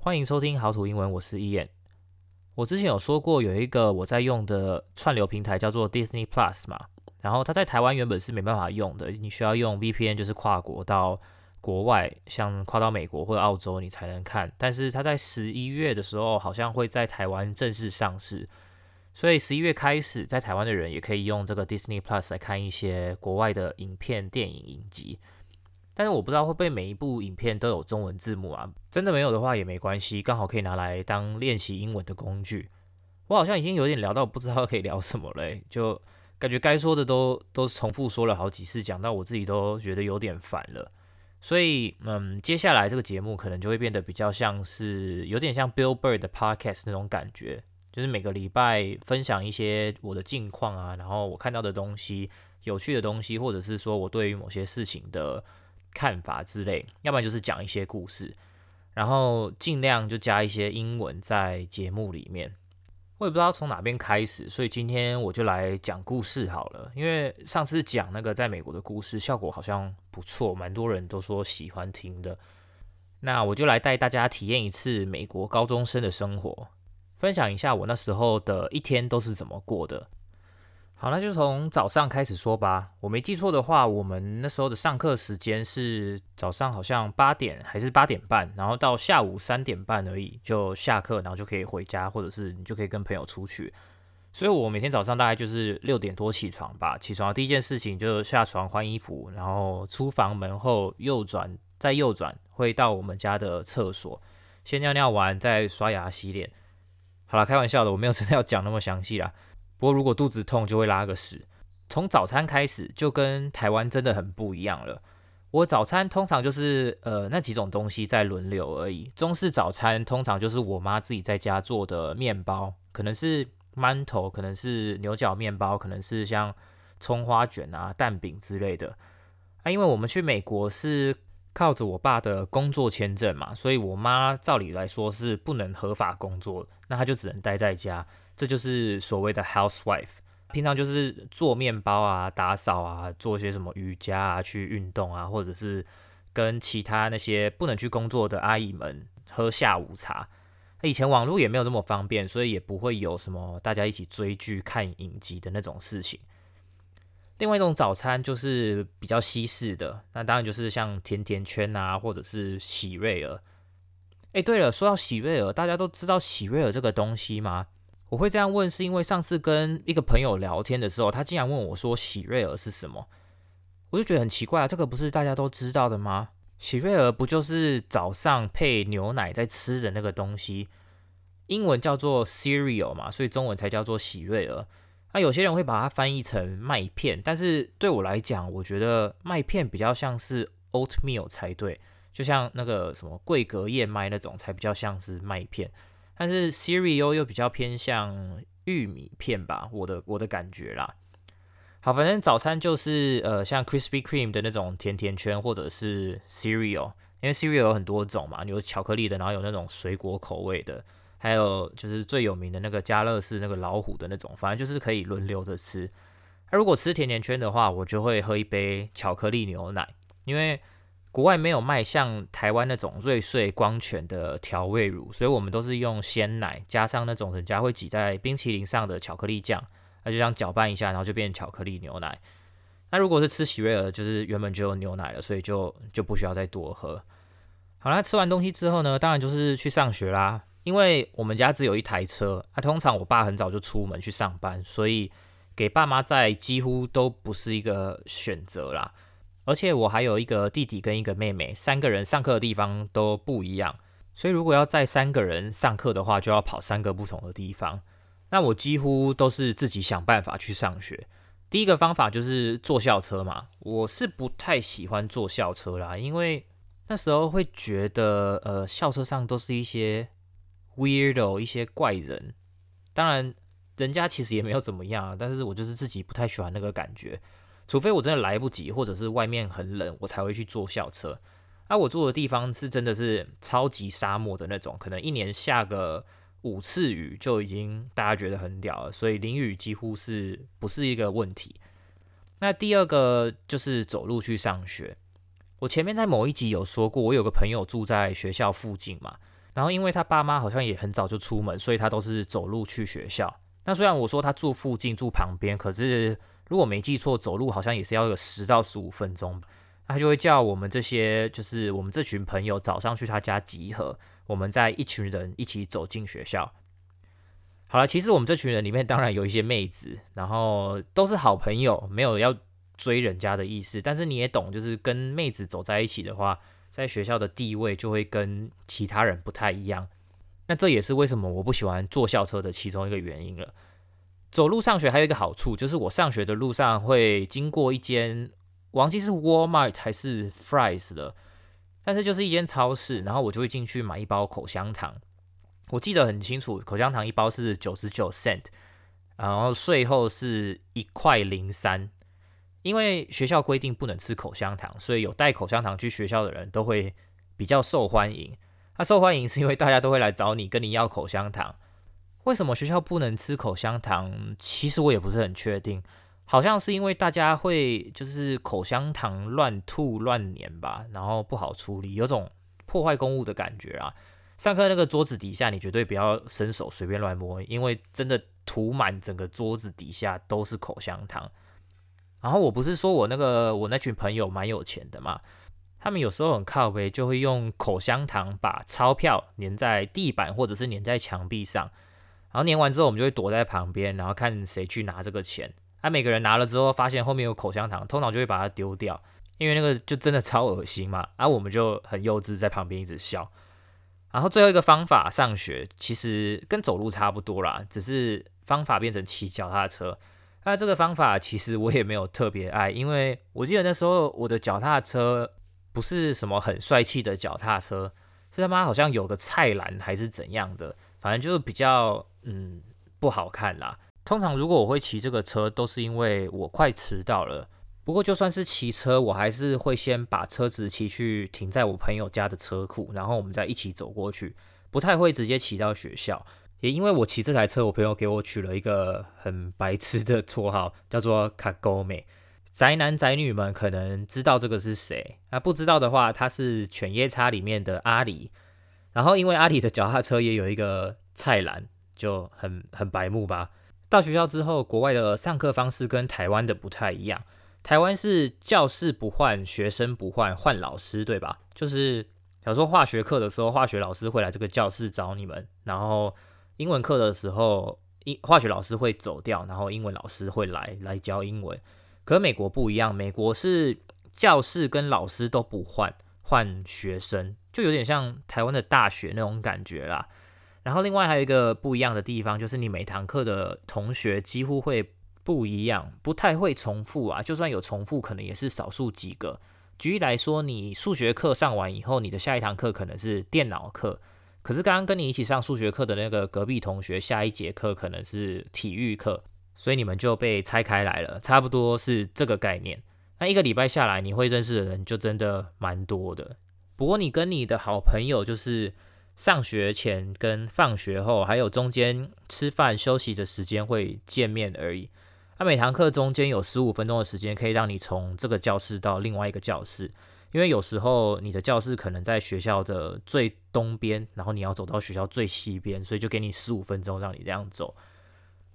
歡迎收聽好土英文，我是伊恩。我之前有說過，有一個我在用的串流平台叫做 Disney Plus 嘛，然後它在台灣原本是沒辦法用的，你需要用 VPN 就是跨國到國外，像跨到美國或澳洲你才能看。但是它在十一月的時候好像會在台灣正式上市，所以十一月開始在台灣的人也可以用這個 Disney Plus 來看一些國外的影片、電影、影集。但是我不知道會不會每一部影片都有中文字幕啊，真的沒有的話也沒關係，剛好可以拿來當練習英文的工具。我好像已經有點聊到不知道可以聊什麼嘞、欸，就感覺該說的都都重複說了好幾次，講到我自己都覺得有點煩了。所以，嗯，接下來這個節目可能就會變得比較像是有點像 Bill Bird 的 Podcast 那種感覺，就是每個禮拜分享一些我的近況啊，然後我看到的東西、有趣的東西，或者是說我對於某些事情的。看法之類，要不然就是講一些故事，然後盡量就加一些英文在節目裡面。我也不知道從哪邊開始，所以今天我就來講故事好了。因為上次講那個在美國的故事，效果好像不錯，蠻多人都說喜歡聽的。那我就來帶大家體驗一次美國高中生的生活，分享一下我那時候的一天都是怎麼過的。好，那就從早上開始說吧。我沒記錯的話，我們那時候的上課時間是早上好像八點還是八點半，然後到下午三點半而已就下課，然後就可以回家，或者是你就可以跟朋友出去。所以我每天早上大概就是六點多起床吧，起床的第一件事情就是下床換衣服，然後出房門後右轉，再右轉會到我們家的廁所，先尿尿完再刷牙洗臉。好啦，開玩笑的，我沒有真的要講那麼詳細啦。不過，如果肚子痛，就會拉個屎。從早餐開始，就跟台灣真的很不一樣了。我早餐通常就是呃那幾種東西在輪流而已。中式早餐通常就是我媽自己在家做的麵包，可能是饅頭，可能是牛角麵包，可能是像蔥花卷啊、蛋餅之類的。啊，因為我們去美國是靠着我爸的工作簽證嘛，所以我媽照理來說是不能合法工作，那她就只能待在家。這就是所謂的 housewife，平常就是做麵包啊、打掃啊、做些什麼瑜伽啊、去運動啊，或者是跟其他那些不能去工作的阿姨們喝下午茶。以前網絡也沒有這麼方便，所以也不會有什麼大家一起追劇、看影集的那種事情。另外一種早餐就是比較西式的，那當然就是像甜甜圈啊，或者是喜瑞爾。欸，對了，說到喜瑞爾，大家都知道喜瑞爾這個東西嗎？我會這樣問，是因為上次跟一個朋友聊天的時候，他竟然問我說“喜瑞爾”是什麼，我就覺得很奇怪啊！這個不是大家都知道的嗎？喜瑞爾不就是早上配牛奶在吃的那個東西，英文叫做 cereal 嘛，所以中文才叫做喜瑞爾。那有些人會把它翻譯成麥片，但是對我來講，我覺得麥片比較像是 oatmeal 才對，就像那個什麼桂格燕麥那種才比較像是麥片。但是 cereal 又比較偏向玉米片吧，我的我的感覺啦。好，反正早餐就是呃，像 Krispy Kreme 的那種甜甜圈，或者是 cereal，因為 cereal 有很多種嘛，有巧克力的，然後有那種水果口味的，還有就是最有名的那個家樂氏那個老虎的那種，反正就是可以輪流着吃。那如果吃甜甜圈的話，我就會喝一杯巧克力牛奶，因為，國外沒有賣像台灣那種瑞穗光泉的調味乳，所以我們都是用鮮奶加上那種人家會擠在冰淇淋上的巧克力醬，那就這樣攪拌一下，然後就變成巧克力牛奶。那如果是吃喜瑞爾，就是原本就有牛奶了，所以就就不需要再多喝。好啦，那吃完東西之後呢，當然就是去上學啦。因為我們家只有一台車，那、啊、通常我爸很早就出門去上班，所以給爸媽載幾乎都不是一個選擇啦。而且我還有一個弟弟跟一個妹妹，三個人上課的地方都不一樣，所以如果要載三個人上課的話，就要跑三個不同的地方。那我幾乎都是自己想辦法去上學。第一個方法就是坐校車嘛，我是不太喜歡坐校車啦，因為那時候會覺得，呃，校車上都是一些 weirdo，一些怪人。當然，人家其實也沒有怎麼樣，啊，但是我就是自己不太喜歡那個感覺。除非我真的來不及，或者是外面很冷，我才會去坐校車。啊，我住的地方是真的是超級沙漠的那種，可能一年下個五次雨就已經大家覺得很屌了，所以淋雨幾乎是不是一個問題。那第二個就是走路去上學。我前面在某一集有說過，我有個朋友住在學校附近嘛，然後因為他爸媽好像也很早就出門，所以他都是走路去學校。那雖然我說他住附近，住旁邊，可是。如果沒記錯，走路好像也是要有十到十五分鐘，他就會叫我們這些，就是我們這群朋友早上去他家集合，我們在一群人一起走進學校。好了，其實我們這群人裡面當然有一些妹子，然後都是好朋友，沒有要追人家的意思。但是你也懂，就是跟妹子走在一起的話，在學校的地位就會跟其他人不太一樣。那這也是為什麼我不喜歡坐校車的其中一個原因了。走路上學還有一個好處，就是我上學的路上會經過一間，忘記是 Walmart 還是 Fry's 了，但是就是一間超市，然後我就會進去買一包口香糖。我記得很清楚，口香糖一包是九十九 cent，然後稅後是一塊零三。因為學校規定不能吃口香糖，所以有帶口香糖去學校的人都會比較受歡迎。那、啊、受歡迎是因為大家都會來找你，跟你要口香糖。為什麼學校不能吃口香糖？其實我也不是很確定，好像是因為大家會就是口香糖亂吐亂粘吧，然後不好處理，有種破壞公物的感覺啊。上課那個桌子底下，你絕對不要伸手隨便亂摸，因為真的塗滿整個桌子底下都是口香糖。然後我不是說我那個我那群朋友蠻有錢的嘛，他們有時候很靠北就會用口香糖把鈔票粘在地板或者是粘在牆壁上。然後粘完之後，我們就會躲在旁邊，然後看誰去拿這個錢。啊，每個人拿了之後，發現後面有口香糖，通常就會把它丟掉，因為那個就真的超噁心嘛。啊，我們就很幼稚在旁邊一直笑。然後最後一個方法上學，其實跟走路差不多啦，只是方法變成騎腳踏車。那這個方法其實我也沒有特別愛，因為我記得那時候我的腳踏車不是什麼很帥氣的腳踏車，是他媽好像有個菜籃還是怎樣的。反正就是比較嗯不好看啦。通常如果我會騎這個車，都是因為我快遲到了。不過就算是騎車，我還是會先把車子騎去停在我朋友家的車庫，然後我們再一起走過去，不太會直接騎到學校。也因為我騎這台車，我朋友給我取了一個很白痴的綽號，叫做卡勾美。宅男宅女們可能知道這個是誰，那、啊、不知道的話，他是《犬夜叉》裡面的阿籬。然後，因為阿里的腳踏車也有一個菜籃，就很很白目吧。到學校之後，國外的上課方式跟台灣的不太一樣。台灣是教室不換，學生不換，換老師，對吧？就是，假如說化學課的時候，化學老師會來這個教室找你們，然後英文課的時候，英化學老師會走掉，然後英文老師會來來教英文。可美國不一樣，美國是教室跟老師都不換，換學生。就有點像台灣的大學那種感覺啦，然後另外還有一個不一樣的地方，就是你每堂課的同學幾乎會不一樣，不太會重複啊。就算有重複，可能也是少數幾個。舉例來說，你數學課上完以後，你的下一堂課可能是電腦課，可是剛剛跟你一起上數學課的那個隔壁同學，下一節課可能是體育課，所以你們就被拆開來了，差不多是這個概念。那一個禮拜下來，你會認識的人就真的蠻多的。不過，你跟你的好朋友就是上學前跟放學後，還有中間吃飯休息的時間會見面而已啊。那每堂課中間有十五分鐘的時間，可以讓你從這個教室到另外一個教室，因為有時候你的教室可能在學校的最東邊，然後你要走到學校最西邊，所以就給你十五分鐘讓你這樣走啊。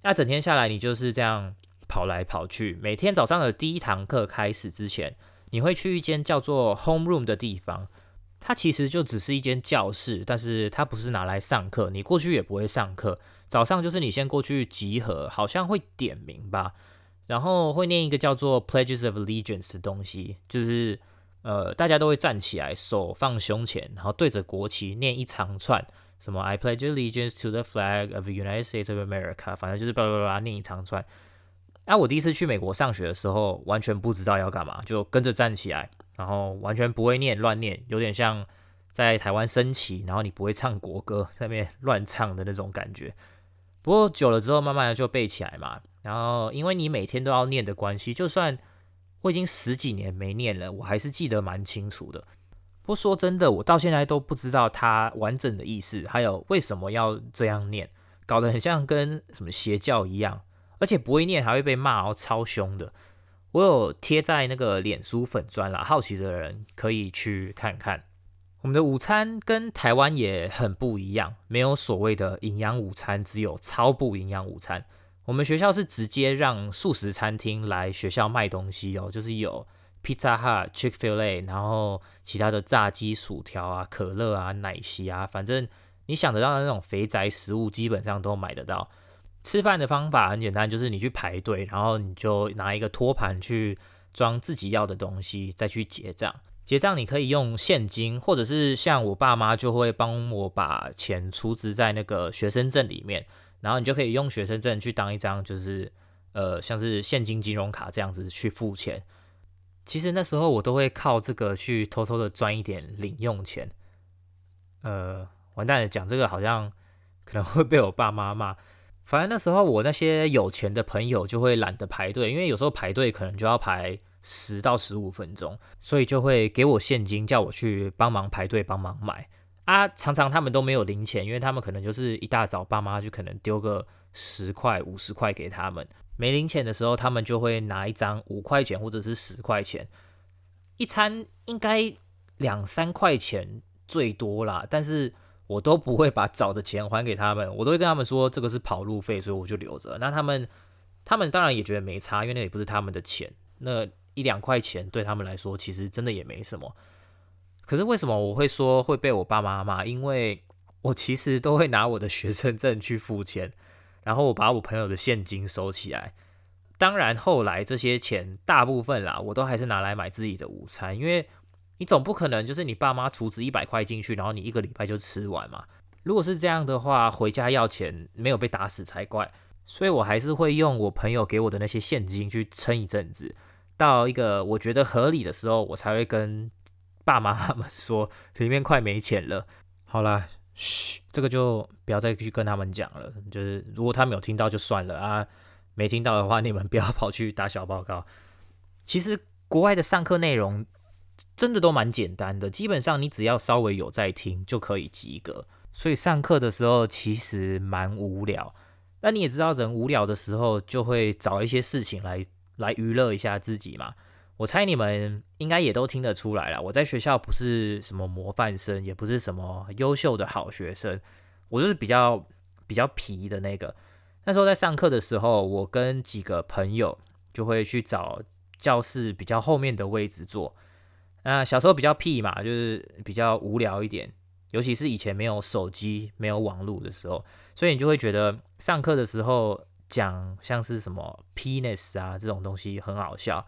那整天下來，你就是這樣跑來跑去。每天早上的第一堂課開始之前，你會去一間叫做 home room 的地方。它其實就只是一間教室，但是它不是拿來上課。你過去也不會上課，早上就是你先過去集合，好像會點名吧，然後會念一個叫做 Pledges of Allegiance 的東西，就是呃大家都會站起來，手放胸前，然後對着國旗念一長串，什麼 I pledge allegiance to the flag of the United States of America，反正就是巴拉巴拉念一長串。那、啊、我第一次去美國上學的時候，完全不知道要幹嘛，就跟着站起來。然後完全不會念，亂念，有點像在台灣升旗，然後你不會唱國歌，下面亂唱的那種感覺。不過久了之後，慢慢的就背起來嘛。然後因為你每天都要念的關係，就算我已經十幾年沒念了，我還是記得蠻清楚的。不過說真的，我到現在都不知道它完整的意思，還有為什麼要這樣念，搞得很像跟什麼邪教一樣，而且不會念還會被罵，然後超凶的。我有貼在那個臉書粉專啦，好奇的人可以去看看。我們的午餐跟台灣也很不一樣，沒有所謂的營養午餐，只有超不營養午餐。我們學校是直接讓速食餐廳來學校賣東西哦、喔，就是有 Pizza Hut、Chick-fil-A，然後其他的炸雞、薯條啊、可樂啊、奶昔啊，反正你想得到的那種肥宅食物，基本上都買得到。吃飯的方法很簡單，就是你去排隊，然後你就拿一個托盤去裝自己要的東西，再去結賬。結賬你可以用現金，或者是像我爸媽就會幫我把錢儲值在那個學生證裡面，然後你就可以用學生證去當一張就是呃像是現金金融卡這樣子去付錢。其實那時候我都會靠這個去偷偷的賺一點零用錢。呃，完蛋了，講這個好像可能會被我爸媽罵。反正那時候我那些有錢的朋友就會懶得排隊，因為有時候排隊可能就要排十到十五分鐘，所以就會給我現金，叫我去幫忙排隊，幫忙買。啊，常常他們都沒有零錢，因為他們可能就是一大早爸媽就可能丟個十塊、五十塊給他們。沒零錢的時候，他們就會拿一張五塊錢或者是十塊錢，一餐應該兩三塊錢最多啦，但是。我都不會把找的錢還給他們，我都會跟他們說這個是跑路費，所以我就留着。那他們，他們當然也覺得沒差，因為那也不是他們的錢，那一兩塊錢對他們來說其實真的也沒什麼。可是為什麼我會說會被我爸媽罵？因為我其實都會拿我的學生證去付錢，然後我把我朋友的現金收起來。當然後來這些錢大部分啦，我都還是拿來買自己的午餐，因為。你總不可能就是你爸媽儲值一百塊進去，然後你一個禮拜就吃完嘛？如果是這樣的話，回家要錢沒有被打死才怪。所以我還是會用我朋友給我的那些現金去撐一陣子，到一個我覺得合理的時候，我才會跟爸媽他們說裡面快沒錢了。好啦，噓，這個就不要再去跟他們講了。就是如果他沒有聽到就算了啊，沒聽到的話，你們不要跑去打小報告。其實國外的上課內容。真的都蠻簡單的，基本上你只要稍微有在聽就可以及格。所以上課的時候其實蠻無聊，但你也知道人無聊的時候就會找一些事情來來娛樂一下自己嘛。我猜你們應該也都聽得出來啦，我在學校不是什麼模範生，也不是什麼優秀的好學生，我就是比較比較皮的那個。那時候在上課的時候，我跟幾個朋友就會去找教室比較後面的位置坐。啊，小時候比較屁嘛，就是比較無聊一點，尤其是以前沒有手機、沒有網絡的時候，所以你就會覺得上課的時候講像是什麼 penis 啊這種東西很好笑，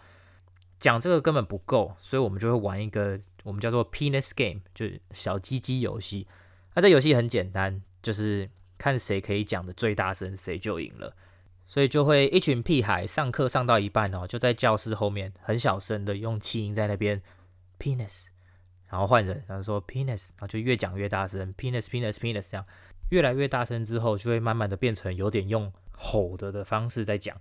講這個根本不夠，所以我們就會玩一個我們叫做 penis game，就是小雞雞遊戲。那這遊戲很簡單，就是看誰可以講的最大聲，誰就贏了。所以就會一群屁孩上課上到一半哦，就在教室後面很小聲的用氣音在那邊。penis，然後換人，然後說 penis，然後就越講越大聲，penis，penis，penis penis, penis, 這樣越來越大聲之後，就會慢慢的變成有點用吼的的方式在講。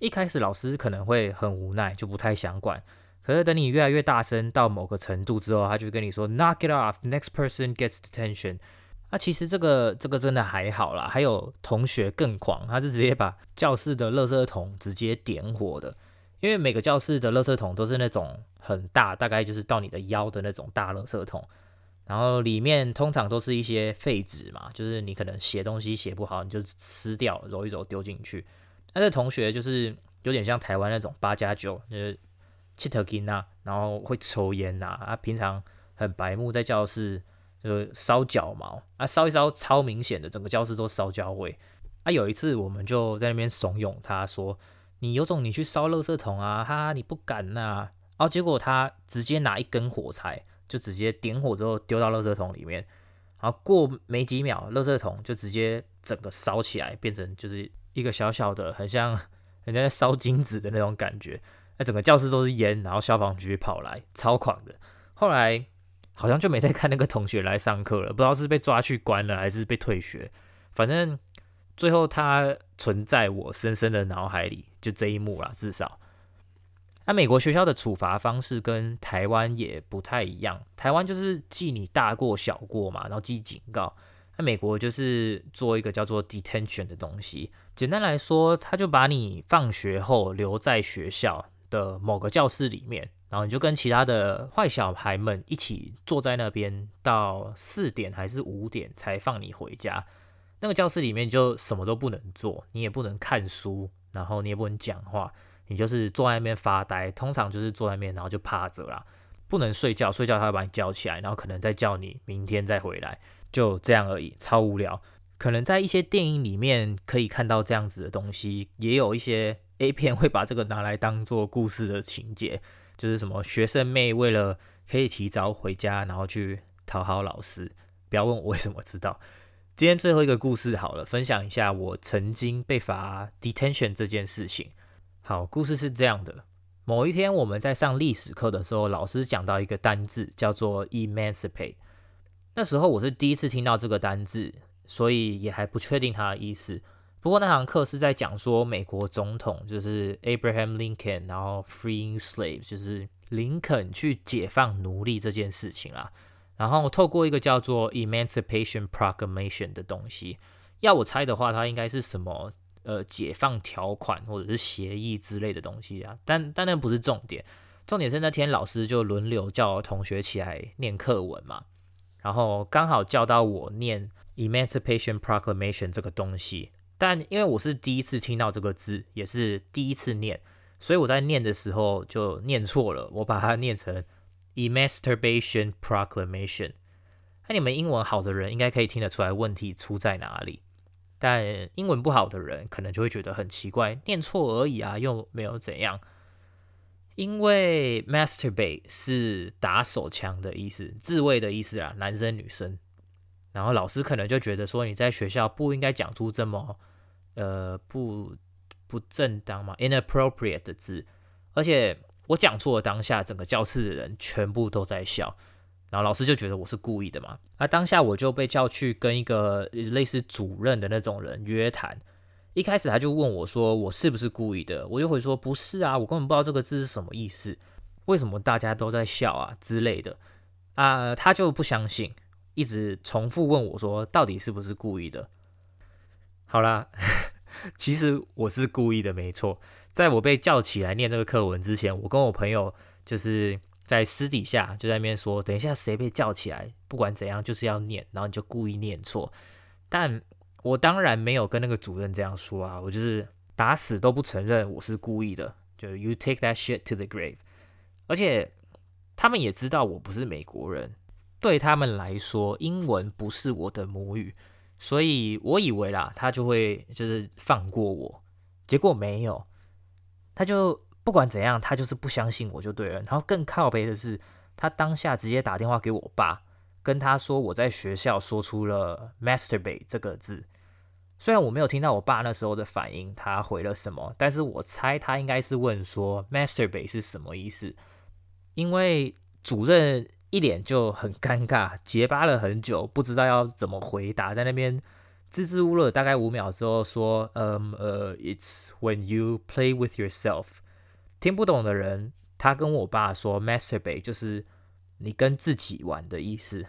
一開始老師可能會很無奈，就不太想管。可是等你越來越大聲到某個程度之後，他就跟你說 knock it off，next person gets detention。啊，那其實這個這個真的還好啦，還有同學更狂，他是直接把教室的垃圾桶直接點火的。因為每個教室的垃圾桶都是那種很大，大概就是到你的腰的那種大垃圾桶，然後裡面通常都是一些廢紙嘛，就是你可能寫東西寫不好，你就撕掉揉一揉丟進去。那、啊、這同學就是有點像台灣那種八加九，就是七逃囡仔啊，然後會抽菸呐、啊，啊，平常很白目，在教室就是燒腳毛，啊，燒一燒超明顯的，整個教室都燒焦味。啊，有一次我們就在那邊慫恿他說。你有種，你去燒垃圾桶啊？哈，你不敢吶、啊！後、哦、結果他直接拿一根火柴，就直接點火之後丟到垃圾桶裡面。然後過沒幾秒，垃圾桶就直接整個燒起來，變成就是一個小小的很像人家在燒金子的那種感覺。那整個教室都是煙，然後消防局跑來，超狂的。後來好像就沒再看那個同學來上課了，不知道是被抓去關了還是被退學。反正最後他。存在我深深的腦海裡，就這一幕啦，至少。那美國學校的處罰方式跟台灣也不太一樣。台灣就是記你大過小過嘛，然後記警告。那美國就是做一個叫做 detention 的東西，簡單來說，他就把你放學後留在學校的某個教室裡面，然後你就跟其他的壞小孩們一起坐在那邊，到四點還是五點才放你回家。那個教室裡面就什麼都不能做，你也不能看書，然後你也不能講話，你就是坐在那邊發呆。通常就是坐在那邊，然後就趴着啦，不能睡覺，睡覺他會把你叫起來，然後可能再叫你明天再回來，就這樣而已，超無聊。可能在一些電影裡面可以看到這樣子的東西，也有一些 A 片會把這個拿來當做故事的情節，就是什麼學生妹為了可以提早回家，然後去討好老師。不要問我為什麼知道。今天最後一個故事好了，分享一下我曾經被罰 detention 這件事情。好，故事是這樣的：某一天我們在上歷史課的時候，老師講到一個單字叫做 emancipate，那時候我是第一次聽到這個單字，所以也還不確定它的意思。不過那堂課是在講說美國總統就是 Abraham Lincoln，然後 freeing slaves 就是林肯去解放奴隸這件事情啦。然後透過一個叫做《Emancipation Proclamation》的東西，要我猜的話，它應該是什麼呃解放條款或者是協議之類的東西啊？但但那不是重點，重點是那天老師就輪流叫同學起來念課文嘛，然後剛好叫到我念《Emancipation Proclamation》這個東西，但因為我是第一次聽到這個字，也是第一次念，所以我在念的時候就念錯了，我把它念成。以、e、“masturbation proclamation”，那你們英文好的人應該可以聽得出來問題出在哪裡，但英文不好的人可能就會覺得很奇怪，念錯而已啊，又沒有怎樣。因為 “masturbate” 是打手槍的意思，自慰的意思啊，男生女生。然後老師可能就覺得說，你在學校不應該講出這麼呃不不正當嘛，inappropriate 的字，而且。我講錯了，當下整個教室的人全部都在笑，然後老師就覺得我是故意的嘛。那、啊、當下我就被叫去跟一個類似主任的那種人約談，一開始他就問我說我是不是故意的，我就回說不是啊，我根本不知道這個字是什麼意思，為什麼大家都在笑啊之類的。啊，他就不相信，一直重複問我說到底是不是故意的。好啦，其實我是故意的，沒錯。在我被叫起來念這個課文之前，我跟我朋友就是在私底下就在那邊說，等一下誰被叫起來，不管怎樣就是要念，然後你就故意念錯。但我當然沒有跟那個主任這樣說啊，我就是打死都不承認我是故意的，就 You take that shit to the grave。而且他們也知道我不是美國人，對他們來說，英文不是我的母語，所以我以為啦，他就會就是放過我，結果沒有。他就不管怎樣，他就是不相信我就對了。然後更靠背的是，他當下直接打電話給我爸，跟他說我在學校說出了 m a s t e r b a t 這個字。雖然我沒有聽到我爸那時候的反應，他回了什麼，但是我猜他應該是問說 m a s t e r b a t 是什麼意思。因為主任一臉就很尷尬，結巴了很久，不知道要怎麼回答，在那邊。支支吾了大概五秒之後，說：“嗯、um, 呃、uh，it's when you play with yourself。”聽不懂的人，他跟我爸說，“masturbate” 就是你跟自己玩的意思。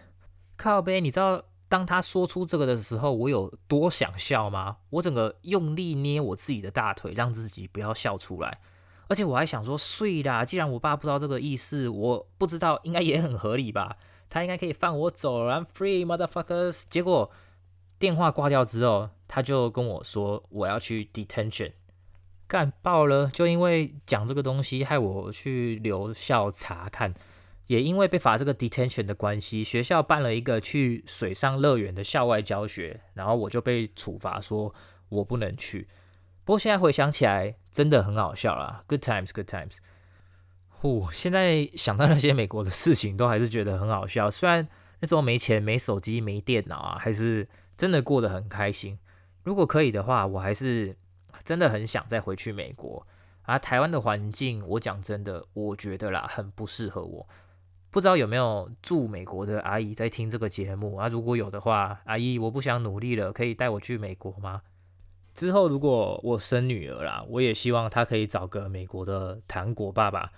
靠杯，你知道當他說出這個的時候，我有多想笑嗎？我整個用力捏我自己的大腿，讓自己不要笑出來。而且我還想說，水啦，既然我爸不知道這個意思，我不知道應該也很合理吧？他應該可以放我走，I'm free motherfuckers。結果。電話掛掉之後，他就跟我說：“我要去 detention，幹爆了！就因為講這個東西，害我去留校查看。也因為被罰這個 detention 的關係，學校辦了一個去水上樂園的校外教學，然後我就被處罰，說我不能去。不過現在回想起來，真的很好笑啦。good times，good times。呼，現在想到那些美國的事情，都還是覺得很好笑。雖然那時候沒錢、沒手機、沒電腦啊，還是……真的過得很開心。如果可以的話，我還是真的很想再回去美國。啊，台灣的環境，我講真的，我覺得啦，很不適合我。不知道有沒有住美國的阿姨在聽這個節目啊？如果有的話，阿姨，我不想努力了，可以帶我去美國嗎？之後如果我生女兒啦，我也希望她可以找個美國的糖果爸爸，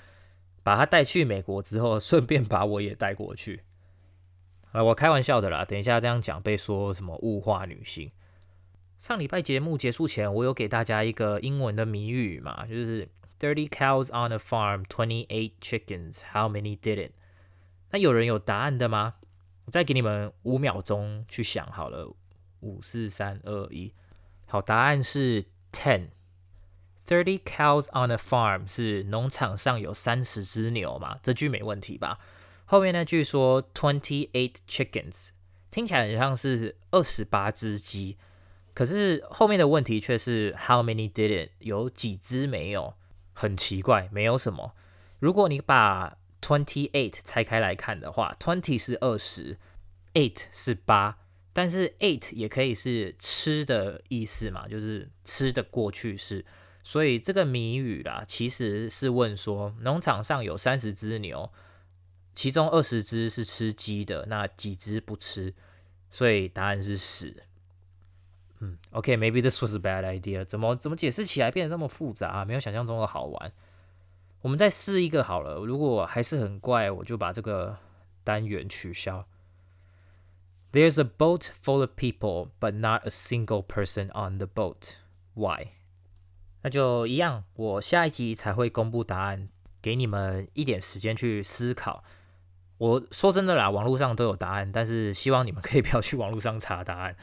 把她帶去美國之後，順便把我也帶過去。啊，我開玩笑的啦。等一下這樣講被說什麼物化女性？上禮拜節目結束前，我有給大家一個英文的謎語嘛，就是 Thirty cows on a farm, twenty eight chickens. How many did it? 那有人有答案的嗎？我再給你們五秒鐘去想好了，五四三二一。好，答案是 ten。Thirty cows on a farm 是農場上有三十隻牛嘛？這句沒問題吧？後面那句說 twenty eight chickens 聽起來很像是二十八只雞，可是後面的問題卻是 how many did it 有幾只沒有？很奇怪，沒有什麼。如果你把 twenty eight 拆開來看的話，twenty 是二十，eight 是八，但是 eight 也可以是吃的意思嘛，就是吃的過去式。所以這個謎語啦，其實是問說農場上有三十只牛。其中二十隻是吃雞的，那幾隻不吃，所以答案是十。嗯，OK，maybe this was a bad idea。怎麼怎麼解釋起來變得那麼複雜啊？沒有想象中的好玩。我們再試一個好了，如果還是很怪，我就把這個單元取消。There's a boat full of people, but not a single person on the boat. Why？那就一樣，我下一集才會公布答案，給你們一點時間去思考。我說真的啦，網路上都有答案，但是希望你們可以不要去網路上查答案。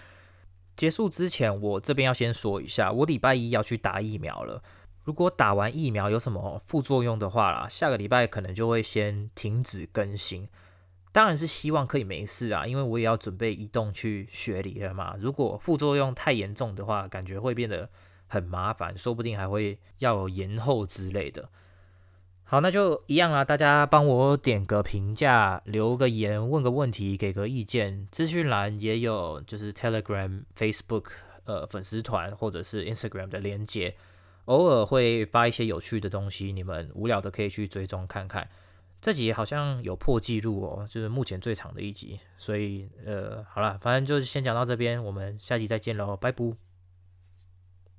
結束之前，我這邊要先說一下，我禮拜一要去打疫苗了。如果打完疫苗有什麼副作用的話啦，下個禮拜可能就會先停止更新。當然是希望可以沒事啊，因為我也要準備移動去學理了嘛。如果副作用太嚴重的話，感覺會變得很麻煩，說不定還會要有延後之類的。好，那就一樣啦。大家幫我點個評價，留個言，問個問題，給個意見。資訊欄也有，就是 Telegram、Facebook、呃粉絲團或者是 Instagram 的連接，偶爾會發一些有趣的東西，你們無聊的可以去追蹤看看。這集好像有破紀錄哦，就是目前最長的一集。所以，呃，好啦，反正就是先講到這邊，我們下集再見嘍，拜拜。